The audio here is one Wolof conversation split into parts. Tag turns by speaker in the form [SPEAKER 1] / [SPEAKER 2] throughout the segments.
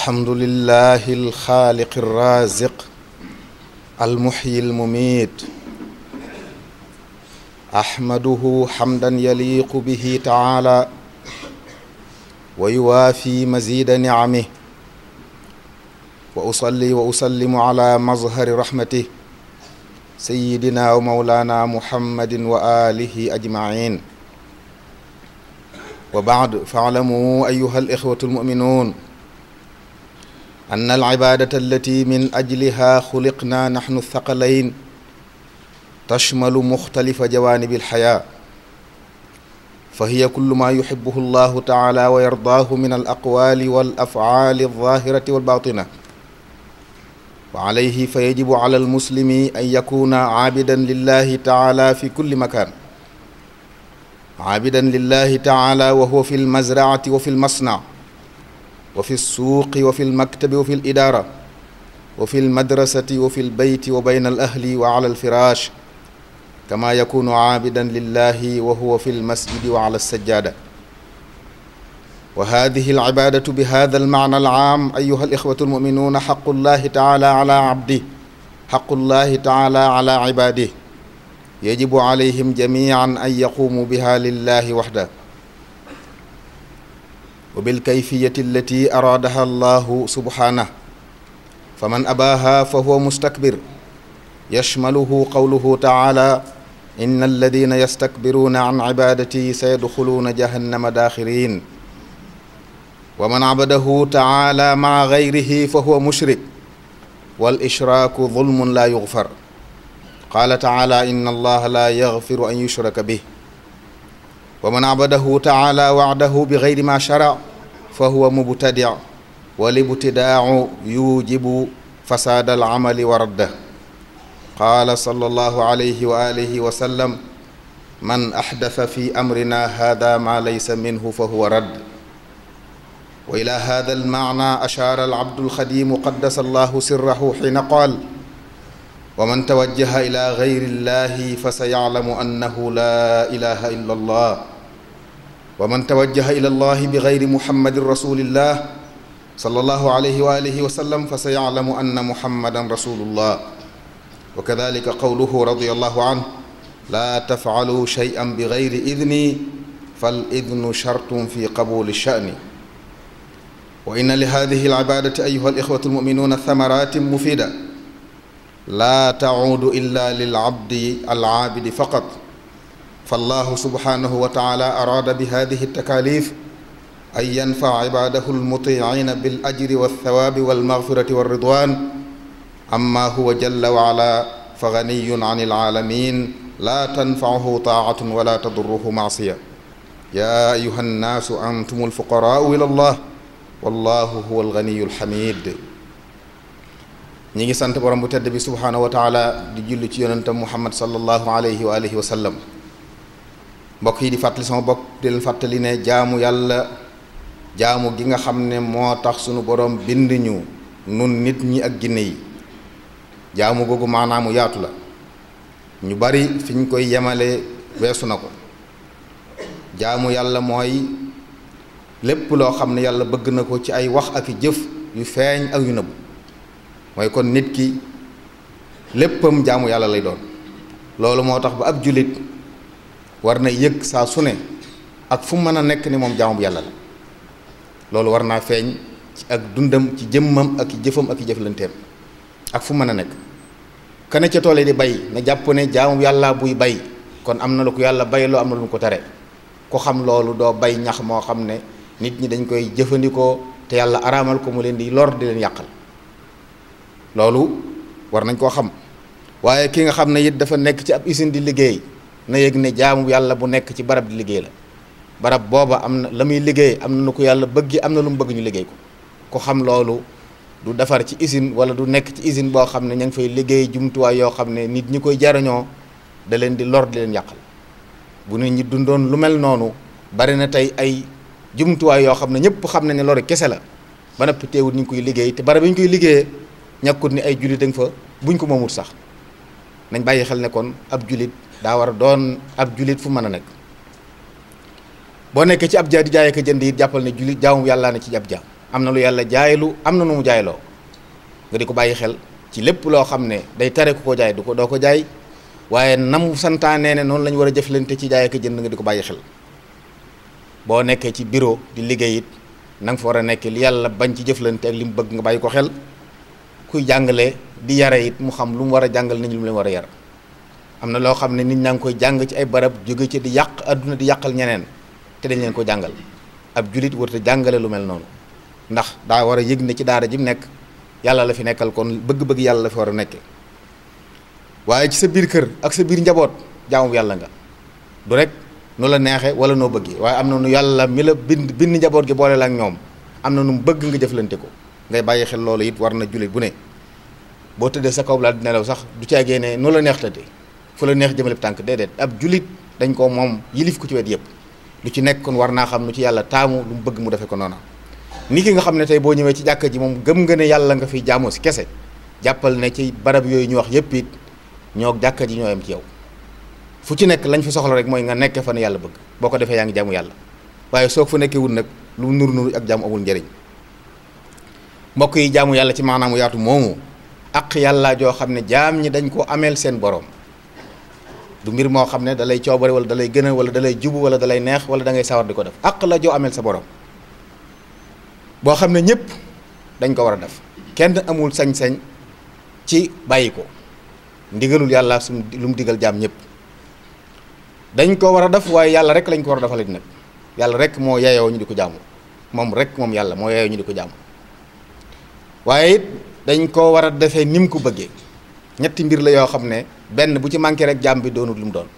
[SPEAKER 1] alhamdulillahi alxaaliqi alraziq almuxyi almumiit axmaduhu xamdan yaliqu bihi taala wa yuwaafi mazida nicamih wa usalli wa usallimu ala mazhari rahmatih sayidina wa mawlana muhammadin wa alihi ajmain wa baad faalamu ayuha alixwatu almuminuun anna al ibaadata allati min ajliha xuliqna naxnu thaqalayn tashmalu muxtalifa jawaanibi alxayaa fa hiya kullu ma yuxibuhu allahu taala wa yardaahu min al aqwaali wal afcaali alzaahirati walbaatina wa alayhi fa yajibu ala almuslimi an yakuna caabidan lillahi taala fi kulli makaan caabidan lillahi taala wa huwa fi almazracati wa fi almasnac wa fi suuqi wa fi lmaktabi wa fi lidaara wa fi lmadrasati wa fi lbeyti wa bayn al ahli wa ala alfiraash kama yakunu aabidan lillahi wa huwa fi lmasjidi wa ala alsajjaada wa hadihi alcibaadatu bi hada almaana alcaam ayuha alixwatu almuminuuna xaqu llahi taala ala abdih xaqu llahi taala ala cibaadih yajibu alayhim jamian an yaqumu biha lillahi waxda wa bil kayfiyati allati araadaha allahu subhaanahu fa man abaaha fa huwa mustakbir yashmaluhu qawluhu taala inna alladina yastakbiruuna an cibaadati sayadxuluuna jahannama daaxirin wa man abadahu taala maa gayrihi fa huwa mushrik wal ishraaku dulmun laa yugfar qaala taala inna allaha laa yagfiru an yushraka bih wa man abadahu taala wahdahu bi geyri ma chara fa huwa mubtadi wa libtidaau yujibu fasaada al amali wa radda qaala sallallahu alayhi wa alihi wa sallam man axdasa fi amrina hada ma laysa minhu fa huwa radd wa ila hada almaana ashaara alabdu alxadimu qaddasa allahu sirrahu xiina qaal wa man tawajjaha ila gayri illahi fa sa yaclamu annahu la ilaha illa allah wa man tawajjaha ila allahi bi gayri muhammadin rasulillah sallallahu alayhi wa alihi wa sallam fa sa yalamu anna muhammadan rasulullah wa kadalika qawluhu radiyallahu anhu laa tafcalu shay'an bi gayri idni fal idnu shartun fi qabuli sha'ni wa inna li hadihi alcibaadati ayuha alixwatu almuminuuna thamaratin mufida laa tacuudu illa lilcabdi alcaabidi faqat فالله سبحانه وتعالى أراد بهذه التكاليف أن ينفع عباده المطيعين بالأجر والثواب والمغفرة والرضوان أما هو جل وعلا فغني عن العالمين لا تنفعه طاعة ولا تضره معصية يا أيها الناس أنتم الفقراء إلى الله والله هو الغني الحميد ñi ngi sant borom bu tedd bi subhaanahu wa taala di julli ci yonentam muhammad sallallahu alayhi wa alihi wa sallam mbokk yi di fàttali sama bopp di fàttali ne jaamu yàlla jaamu gi nga xam ne moo tax sunu borom bind ñu nun nit ñi ak ginne yi jaamu googu maanaamu yaatu la ñu bari fi ñu koy yemale weesu na ko jaamu yàlla mooy lépp loo xam ne yàlla bëgg na ko ci ay wax ak jëf yu feeñ ak yu nëbbu mooy kon nit ki léppam jaamu yàlla lay doon loolu moo tax ba ab jullit war na yëg saa su ne ak fu mën a nekk ni moom jaamu yàlla la loolu war naa feeñ ak dundam ci jëmmam ak jëfam ak jëflanteem ak fu mën a nekk kene ca toole di bay na jàpp ne jaamu yàlla buy bay kon am na lu ko yàlla bay loo am ko tere ku xam loolu doo bay ñax moo xam ne nit ñi dañ koy jëfandikoo te yàlla araamal ko mu leen di lor di leen yàqal loolu war nañ koo xam waaye kii nga xam ne it dafa nekk ci ab usine di liggéey na yëg ne jaamu yàlla bu nekk ci barab di liggéey la barab booba am na la muy liggéey am na nu ko yàlla bëgg am na lu mu bëgg ñu liggéey ko ku xam loolu du defar ci usine wala du nekk ci usine boo xam ne ña ngi fay liggéey jumtuwaay yoo xam ne nit ñi koy jariñoo da leen di lor di leen yàqal bu nit ñi dundoon lu mel noonu bari na tey ay jumtuwaay yoo xam ne ñëpp xam na ne lori kese la ba noppi teewut ñu ngi koy liggéey te barab yi ñu koy liggéeyee ñàkkut ni ay jullit dañ fa buñ ko moomut sax nañ bàyyi xel ne ab jullit daa war a doon ab julit fu mën a nekk boo nekkee ci ab jaay di jaayee jënd it jàppal ne julit jaamu yàlla ne ci ab jaam am na lu yàlla jaaylu am na nu mu jaayloo nga di ko bàyyi xel ci lépp loo xam ne day tere ku ko jaay du ko doo ko jaay waaye namu santaanee ne noonu la war a jëflante ci jaay ak jënd nga di ko bàyyi xel boo nekkee ci bureau di liggéey it na nga war a nekkee li yàlla bañ ci jëflante ak li mu bëgg nga bàyyi ko xel kuy jàngale di yare it mu xam lu mu war a jàngal nañ lu mu war a yar am na loo xam ne nit ñaa ngi koy jàng ci ay barab jóge ci di yàq adduna di yàqal ñeneen te dañ leen ko jàngal ab julit warut te jàngale lu mel noonu ndax daa war a yëg ne ci daara ji mu nekk yàlla la fi nekkal kon bëgg-bëgg yàlla la fi war a nekkee waaye ci sa biir kër ak sa biir njaboot jaamu yàlla nga du rek nu la neexee wala noo bëggee waaye am na nu yàlla mi la bind bind njaboot gi boole ak ñoom am na nu mu bëgg nga jëflante ko ngay bàyyi xel loolu it war na julit bu ne boo tëddee sa kaw laa di nelaw sax du caagee ne nu la neex tëddee fu la neex jëmale tànk déedéet ab julit dañ koo moom yilif ko ci wet yëpp lu ci nekk kon war naa xam lu ci yàlla taamu lu mu bëgg mu defee ko noona ni ki nga xam ne tey boo ñëwee ci jàkka ji moom gëm nga ne yàlla nga fiy jaamoo si kese jàppal ne ci barab yooyu ñu wax yëpp it ñoo jàkka ji ñoo yem ci yow fu ci nekk lañ fi soxla rek mooy nga nekk fa ne yàlla bëgg boo ko defee yaa ngi jaamu yàlla waaye soo fu nekkee wut nag lu nur nur ak jaamu amul njëriñ mbokk yi jàmm yàlla ci maanaamu yaatu moomu ak yàlla joo xam ne jaam ñi dañ koo ameel seen boroom du mbir moo xam ne dalay lay coobare wala da lay gën a wala da lay wala da lay neex wala dangay sawar di ko def àq la joo ameel sa borom boo xam ne ñëpp dañ ko war a def kenn amul sañ-sañ ci bàyyi ko ndigalul yàlla su lu mu digal jaam ñëpp dañ ko war a def waaye yàlla rek lañ ko war a defalee nag yàlla rek moo yeyoo ñu di ko jaamu moom rek moom yàlla moo yeyoo ñu di ko jaamu waaye it dañ ko war a defee ni mu ko bëggee ñetti mbir la yoo xam ne. benn bu ci manqué rek jaam bi doonul li mu doon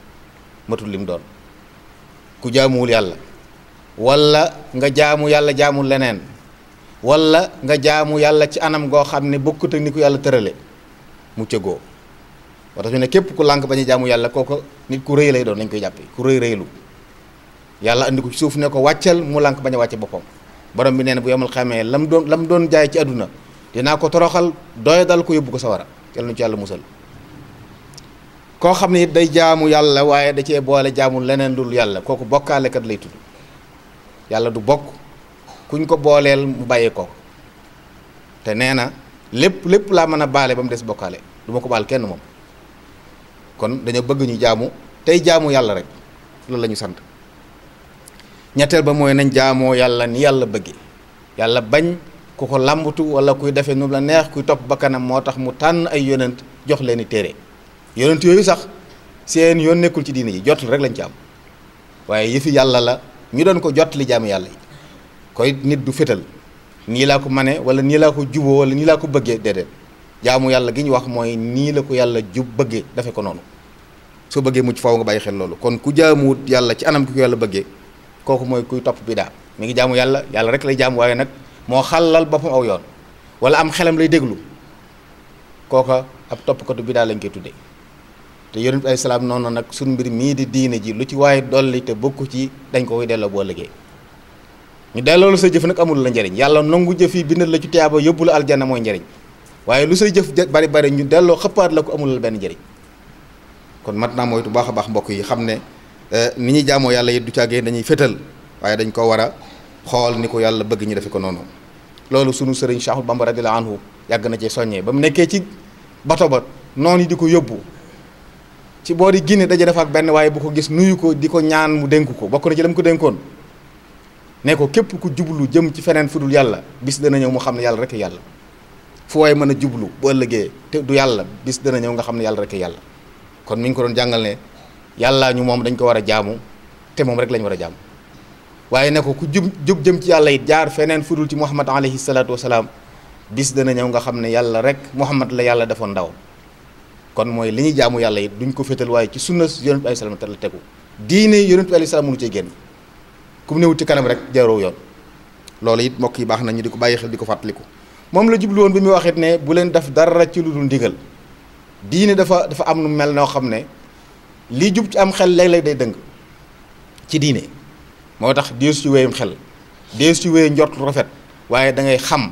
[SPEAKER 1] matul li mu doon ku jaamuwul yàlla walla nga jaamu yàlla jaamul leneen wala nga jaamu yàlla ci anam goo xam ne bokkut ak ni ku yàlla tërale mu cëgoo moo tax ne képp ku lànk ba ñu jaamu yàlla kooku nit ku rëy lay doon dañ koy jàppee ku rëy rëylu yàlla andi ko ci suuf ne ko wàccal mu lànk bañ a wàcce boppam borom bi neen na bu yomal xamee lam doon lam doon jaay ci àdduna dinaa ko toroxal doya dal ko yóbbu ko sawara yàlla nu ci yàlla musal koo xam ne it day jaamu yàlla waaye da cee boole jaamul leneen dul yàlla kooku bokkaalekat lay tudd yàlla du bokk kuñ ko booleel mu bàyyi ko te nee na lépp lépp laa mën a baale ba mu des bokkaale du ma ko baal kenn moom kon dañoo bëgg ñu jaamu tey jaamu yàlla rek loolu la ñu sant ñetteel ba mooy nañ jaamoo yàlla ni yàlla bëgge yàlla bañ ku ko làmbatu wala kuy defee nu la neex kuy topp bakkanam moo tax mu tànn ay yonent jox leen i téere yonent yooyu sax seen yoon nekkul ci diine yi jotul rek lañ ci am waaye yëfi yàlla la ñu doon ko jot li jaamu yàlla yi nit du fétal nii laa ko mane wala nii laa ko juboo wala nii laa ko bëggee déedéet jaamu yàlla gi ñu wax mooy nii la ko yàlla jub bëgge defe ko noonu soo bëggee mucc faaw nga bàyyi xel loolu kon ku jaamuwut yàlla ci anam ki ko yàlla bëggee kooku mooy kuy topp bidaa mi ngi jaamu yàlla yàlla rek lay jaamu waaye nag moo xàllal boppam aw yoon wala am xelam lay déglu kooka ab toppkatu bidaa lañ koy tuddee te yonent bi ay salaam noonu nag sunu mbir mii di diine ji lu ci waaye dolli te bokku ci dañ ko koy delloo boo liggéey ñu delloolu sa jëf nag amul la njariñ yàlla nangu jëf yi bindal la ci tiyaaba yóbbu la aljana mooy njariñ waaye lu say jëf bari bari ñu delloo xëppaat la ko amul benn njariñ kon mat naa moytu baax a baax mbokk yi xam ne eh, ni ñuy jaamoo yàlla yit du caagee dañuy fétal waaye dañ ko war a xool ni ko yàlla bëgg ñu defe ko noonu loolu sunu sëriñ Cheikhul Bamba radiyallahu anhu yàgg na ci soññee ba mu nekkee ci bato ba noonu yi di ko yóbbu ci boo di Guinée daje dafa ak benn waaye bu ko gis nuyu ko di ko ñaan mu dénk ko bokk na ci dama ko dénkoon ne ko képp ku jublu jëm ci feneen fu dul yàlla bis dana ñëw mu xam ne yàlla rek yàlla fu mën a jublu bu ëllëgee te du yàlla bis dana ñëw nga xam ne yàlla rek yàlla kon mi ngi ko doon jàngal ne yàllaa ñu moom dañ ko war a jaamu te moom rek lañ war a jaamu waaye ne ko ku jub jub jëm ci yàlla it jaar feneen fu dul ci Muhammad alayhi salaatu wasalaam bis dana ñëw nga xam ne yàlla rek Muhammad la yàlla defoon ndaw kon mooy li ñuy jaamu yàlla it duñ ko féetal waaye ci sunna yonent bi ay salaam la tegu diine yonent bi alayhi salaam ngi cee génn ku mu néew ci kanam rek jaaroo yoon loolu it mbokk yi baax nañu di ko bàyyi xel di ko fàttaliku moom la jublu woon bi muy waxit ne bu leen def dara ci lu dul ndigal diine dafa dafa am nu mel noo xam ne lii jub ci am xel léeg-léeg day dëng ci diine moo tax dees ci wéyum xel dees ci wéy njort rafet waaye dangay xam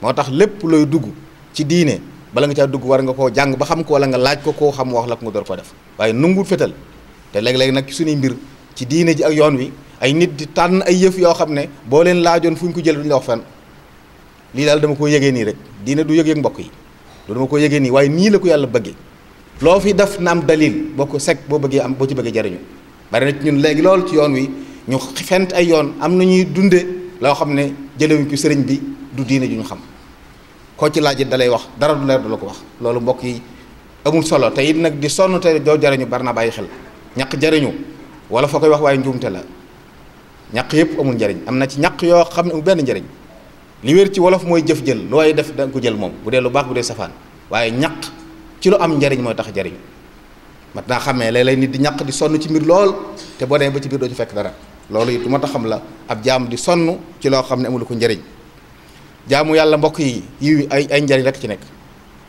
[SPEAKER 1] moo tax lépp looy dugg ci diine bala nga caa dugg war nga koo jàng ba xam ko wala nga laaj ko koo xam wax la ko nga door ko def waaye nunguwut fetal te léeg-léeg nag suñuy mbir ci diine ji ak yoon wi ay nit di tànn ay yëf yoo xam ne boo leen laajoon fu ñu ko jël duñ la lii daal dama ko yëgee nii rek diine du yëg mbokk yi du ko yëgee nii nii la ko yàlla bëggee loo fi def na am dalil ko sec boo bëggee am boo ci bëggee jariñu bari na ñun léegi loolu ci yoon wi ñu fent ay yoon am na ñuy dunde loo xam ne jëlewuñ ko sëriñ bi du diine ju ñu xam koo ci laajit dalay wax dara du leer du la ko wax loolu mbokk yi amul solo te it nag di sonn te doo jariñu bari na bàyyi xel ñaq jariñu wala foo koy wax waaye njuumte la ñaq yëpp amul njariñ am na ci ñaq yoo xam ne amul benn njariñ li wér ci wolof mooy jëf jël looy def da ko jël moom bu dee lu baax dee safaan waaye ñaq ci lu am njariñ mooy tax jariñu mat naa xamee léeg-léeg nit di ñaq di sonn ci mbir lool te boo ba ci biir doo fekk dara loolu it du ma tax la ab jaam di sonn ci loo xam ne amul ko njariñ jaamu yàlla mbokk yi yi ay ay njariñ rek ci nekk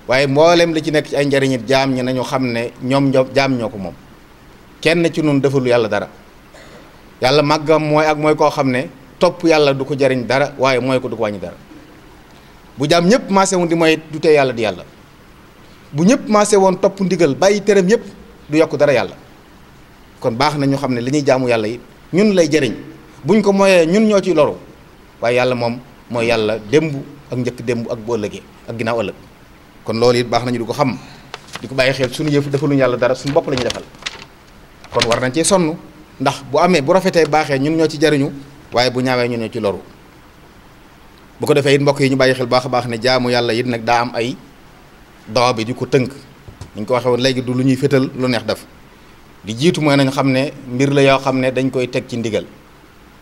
[SPEAKER 1] waaye mboolem la ci nekk ci ay njariñ it jaam ñi nañu xam ne ñoom ñoo jaam ñoo ko moom kenn ci nun defalu yàlla dara yàlla màggam mooy ak mooy koo xam ne topp yàlla du ko jariñ dara waaye mooy ko du ko wàññi dara bu jaam ñëpp maase woon di mooy du tee yàlla di yàlla bu ñëpp maase woon topp ndigal bàyyi tëram yëpp du yokk dara yàlla kon baax na ñu xam ne li ñuy jaamu yàlla yi ñun lay jariñ buñ ko moyee ñun ñoo ci loru moom mooy yàlla démb ak njëkk démb ak bu ëllëgee ak ginnaaw ëllëg kon loolu it baax nañu di ko xam di ko bàyyi xel suñu yëf defaluñu yàlla dara suñu bopp la defal kon war nañ cee sonn ndax bu amee bu rafetee baaxee ñun ñoo ci jariñu waaye bu ñaawee ñun ñoo ci loru bu ko defee mbokk yi ñu bàyyi xel baax a baax ne jaamu yàlla it nag daa am ay dawa bi di ko tënk ni ko waxee léegi du lu ñuy fétal lu neex def di jiitu mooy nañ xam ne mbir la yoo xam ne dañ koy teg ci ndigal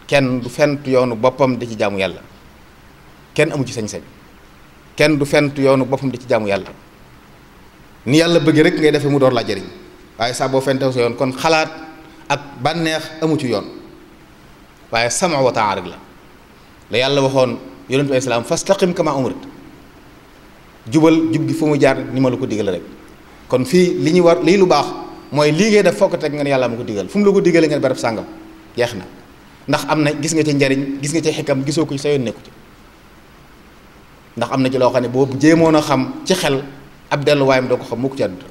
[SPEAKER 1] kenn du fent yoonu boppam di ci jaamu yàlla kenn amu ci sañ-sañ kenn du fent yoonu boppam di ci jaamu yàlla ni yàlla bëgg rek ngay defee mu door laa jariñ waaye saa boo fentew sa yoon kon xalaat ak bànneex amu ci yoon waaye sama wa taan rek la la yàlla waxoon yonentu ay salaam fastaqim kama umrit jubal jub gi fu mu jaar ni ma la ko digal rek kon fii li ñu war lii lu baax mooy lii ngay def fokk teg nga ne yàlla ma ko digal fu mu la ko digalee ngeen barab sàngam jeex na ndax am na gis nga ci njariñ gis nga ci xikam gisoo ko ndax am na ci loo xam ne boobu jéemoon a xam ci xel ab delluwaayam doo ko xam mukk ci àdduna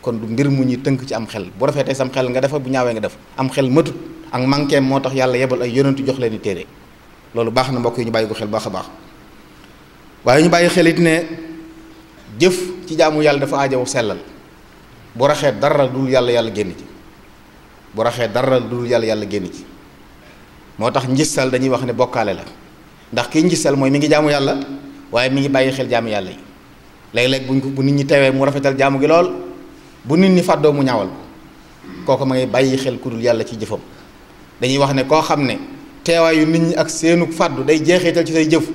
[SPEAKER 1] kon du mbir mu ñuy tënk ci am xel bu rafetee sam xel nga defa bu ñaawee nga def am xel matut ak manqueem moo tax yàlla yebal ay yonentu jox leen i téere loolu baax na mbokk yi ñu bàyyi ko xel baax a baax waaye ñu bàyyi xel it ne jëf ci jaamu yàlla dafa aajawu sellal bu raxee dara du yàlla yàlla génn ci bu raxee dara dul yàlla yàlla génn ci moo tax njissal dañuy wax ne bokkaale la ndax kii mooy mi ngi jaamu yàlla waaye mi ngi bàyyi xel jaamu yàlla yi léeg-léeg ko bu nit ñi teewee mu rafetal jaamu gi lool bu nit ñi fàddoo mu ñawal ko kooku ma ngay bàyyi xel ku dul yàlla ci jëfam dañuy wax ne koo xam ne teewaayu nit ñi ak seenu fàddu day jeexital ci say jëf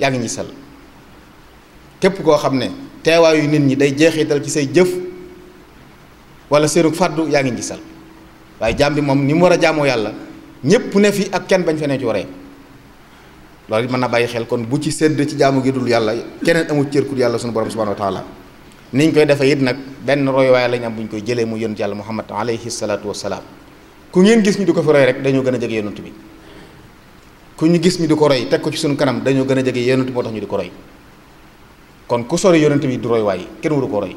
[SPEAKER 1] yaa ngi sal képp koo xam ne teewaayu nit ñi day jeexital ci say jëf wala seenu fàddu yaa ngi sal waaye jaam bi moom ni mu war a jaamoo yàlla ñépp ne fi ak kenn bañ feneen ci waree loolu it mën na bàyyi xel kon bu ci sedd ci jaamu gi dul yàlla keneen amul cër ku yàlla sunu borom subhanahu wa taala niñ koy defee it nag benn royuwaay lañ am bu ñu koy jëlee mu yonent yàlla muhammad alayhi salaatu wasalaam ku ngeen gis ñu di ko fi roy rek dañoo gën a jege yonent bi ku ñu gis ñu di ko roy teg ko ci suñu kanam dañoo gën a jege yonent moo tax ñu di ko roy kon ku sori yonent bi du roy waay kenn waru ko roy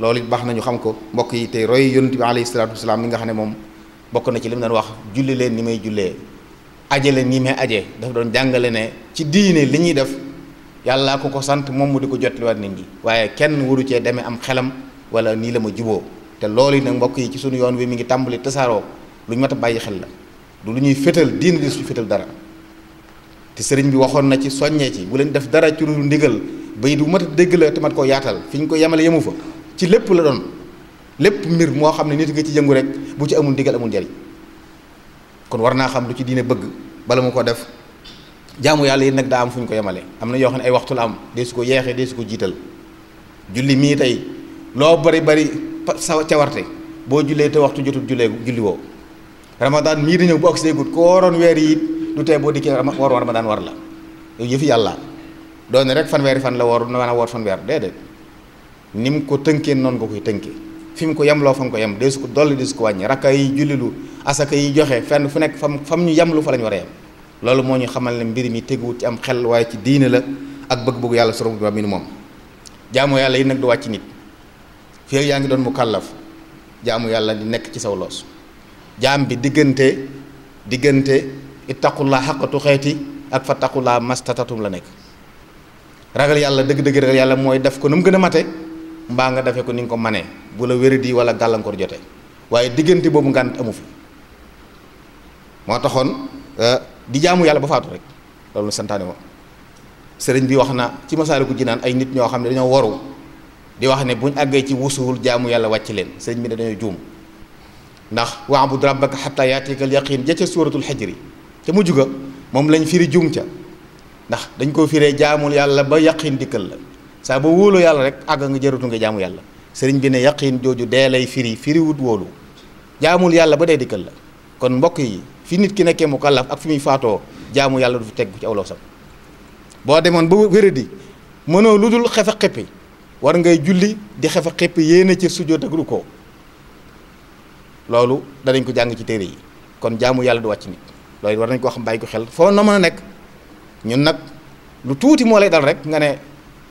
[SPEAKER 1] loolu it baax nañu xam ko mbokk yi tey roy yonent bi alayhi salaatu wasalaam mi nga xam ne moom bokk na ci li mu doon wax julli leen ni may jullee ajale nii may aje dafa doon jàngale ne ci diine li ñuy def yàlla ku ko sant moom mu di ko jotliwaat nit ñi waaye kenn waru cee demee am xelam wala nii la ma juboo te loolu yi nag mbokk yi ci sunu yoon wi mi ngi tàmbali tasaaroo lu ñu mat a bàyyi xel la du lu ñuy fétal diin di su féetal dara te sëriñ bi waxoon na ci soññee ci bu leen def dara ci lu ndigal bay du mat dégg la te mat koo yaatal fi ñu ko yemale yemu fa ci lépp la doon lépp mbir moo xam ne nit nga ci jëngu rek bu ci amul ndigal amul njariñ kon war naa xam lu ci diine bëgg bala mu ko def jaamu yàlla yi nag daa am fu ñu ko yemale am na yoo xam ne ay waxtu la am dee su ko yeexee dee su ko jiital julli mii tey loo bari bari sa cawarte boo jullee te waxtu jotul jullee julli woo ramadaan mii di ñëw bu ak seegut ko waroon weer yi du tee boo dikkee waroon ramadaan war la yooyu yëfi yàlla doon rek fanweeri fan la woor na war a woor fanweer déedéet ni mu ko tënkee noonu nga koy tënkee fi mu ko yemloo fa mu ko yem deesu ko dolli deesu ko wàññi rakka yi jullilu asaka yi joxe fenn fu nekk fam fam ñu yemlu fa la war a yem loolu moo ñu xamal ne mbir mi teguwut ci am xel waaye ci diine la ak bëgg-bëggu yàlla soro bi minu moom jaamu yàlla yi nag du wàcc nit fii yaa ngi doon mu kàllaf jaamu yàlla di nekk ci saw loos jaam bi diggante diggante ittaqullaa xaqatu xeeti ak fa laa mastatatum la nekk ragal yàlla dëgg-dëgg ragal yàlla mooy def ko nu mu gën a mate mbaa nga defee ko ni nga ko manee bu la wéradi wala gàllankoor jote waaye diggante boobu ngan amu fi moo taxoon euh, di jaamu yàlla ba faatu rek loolu santaane woon sëriñ bi wax na ci Masaalikul Jinaan ay nit ñoo xam ne dañoo waru di wax ne buñ àggee ci wusuwul jaamu yàlla wàcc leen sëriñ bi ne dañoo juum ndax waabud rabbaka xatta yaatika al yaqin ja ca suuratul xajri ca mujj ga moom lañ firi juum ca ndax dañ koo firee jaamul yàlla ba yaqin dikkal la saa ba wóolu yàlla rek àgg nga jëratu nga jaamu yàlla sëriñ bi ne yaqin jooju dee lay firi firiwut wóolu jaamul yàlla ba dee dikkal la kon mbokk yi fi nit ki nekkee mu kàllaaf ak fi muy faatoo jaamu yàlla du fi teg ci awloo sam demoon ba wéradi mënoo lu dul xefa xeppi war ngay julli di xefa xeppi yéene ci sujjóot ak rukkoo loolu danañ ko jàng ci téere yi kon jaamu yàlla du wàcc nit loolu war nañ koo xam bàyyi ko xel foo na mën a nekk ñun nag lu tuuti moo lay dal rek nga ne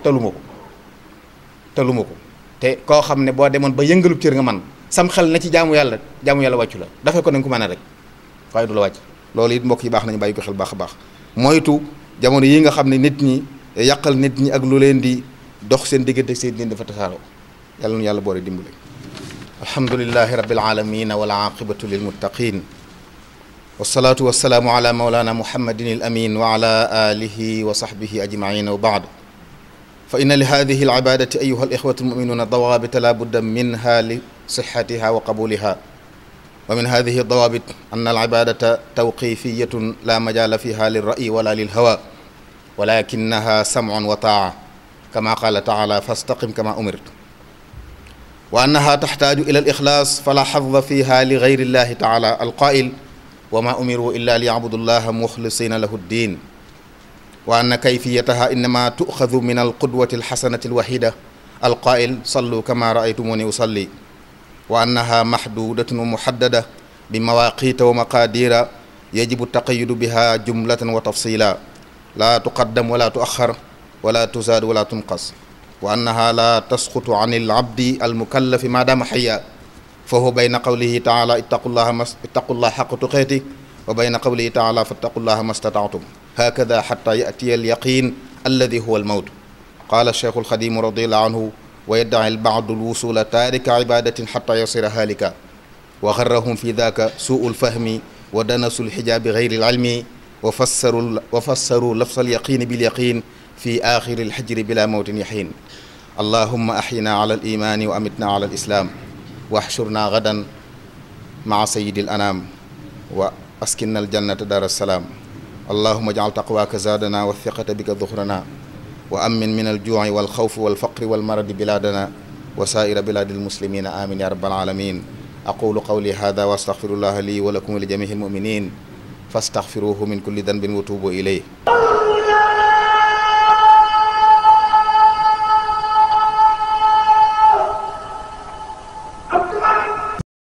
[SPEAKER 1] taluma ko taluma ko te koo xam ne boo demoon ba yëngalub cër nga man sam xel na ci jaamu yàlla jaamu yàlla wàccu la dafa nañ ko mën a rek waaye du la wàcc loolu it mbokk yi baax nañu bàyyi ko xel baax a baax moytu jamono yi nga xam ne nit ñi yàqal nit ñi ak lu leen di dox seen diggante seen nit dafa tasaaroo yàlla nu yàlla boole dimbale alhamdulilahi rabbil alamin wal aqibatu lil muttaqin wasalaatu wasalaamu ala maulana muhammadin al amin wa ala alihi wa sahbihi ajmain wa baad fa inna li hadihi al ibadati ayuha al ixwatu almuminuuna dawaabita la budda minha li sixatiha wa qabuliha wa min hadihi dawaabit anna al ibadata tawqifiyatun la majaala fiha lil rayi wala lil hawa walakinaha samcun wa taaca kama qaala taala fastaqim kama umirt wa annaha taxtaaju ila al ixlaas fala xafda fiha li gayri illahi taala alqaail wa ma umiru illa li yacbudu llaha muxlisina lahu ddin wa anna kayfiyataha innama tuxadu min alqudwati alxasanati alwahida alqaail sallu kama raaytumuni usalli wa annaha maxdudatun wa muhaddada bi mawaaqita wa maqaadira yajibu taqayudu biha jumlatan wa tafsila laa tuqaddam wala tuaxar wala tuzaad wala tunqas wa annaha la tasqutu an alabdi almukallafi maadaama xaya fa huwa bayna qawlihi taala ittaqullaha mas ittaqullaha xaqa tuqeeti wa bayna qawlihi taala fattaqullaha mastataatum hakada xata yatiya alyaqin alladi huwa almawt qaala cheikhu alxadimu radiallahu anhu wa yaddaci albaadu alwusula taarika cibadatin xata yasira haalika wa garrahum fi daka suu lfahmi wa danasu lxijaabi gayri lcilmi wa fassaru wa fassaru lafsa alyaqini bilyaqin fi axiri alxajri bila mawtin yaxiin allahuma axyina ala alimaani wa amitna ala alislaam wa axshurna gadan maa sayidi alanaam wa askinna aljannata daar assalaam allahuma jaal taqwaaka zaadana wa thiqata bika duxrana wa amin min aljuuci walxawfi walfaqri walmaradi bilaadana wa saaira bilaadi almuslimina amin ya rabbal alamin aqulu qawli hada wa astaxfirullaha li wa lakum wa li jamihi almuminin fastaxfiruhu min kulli danbin wa tuubu ilayh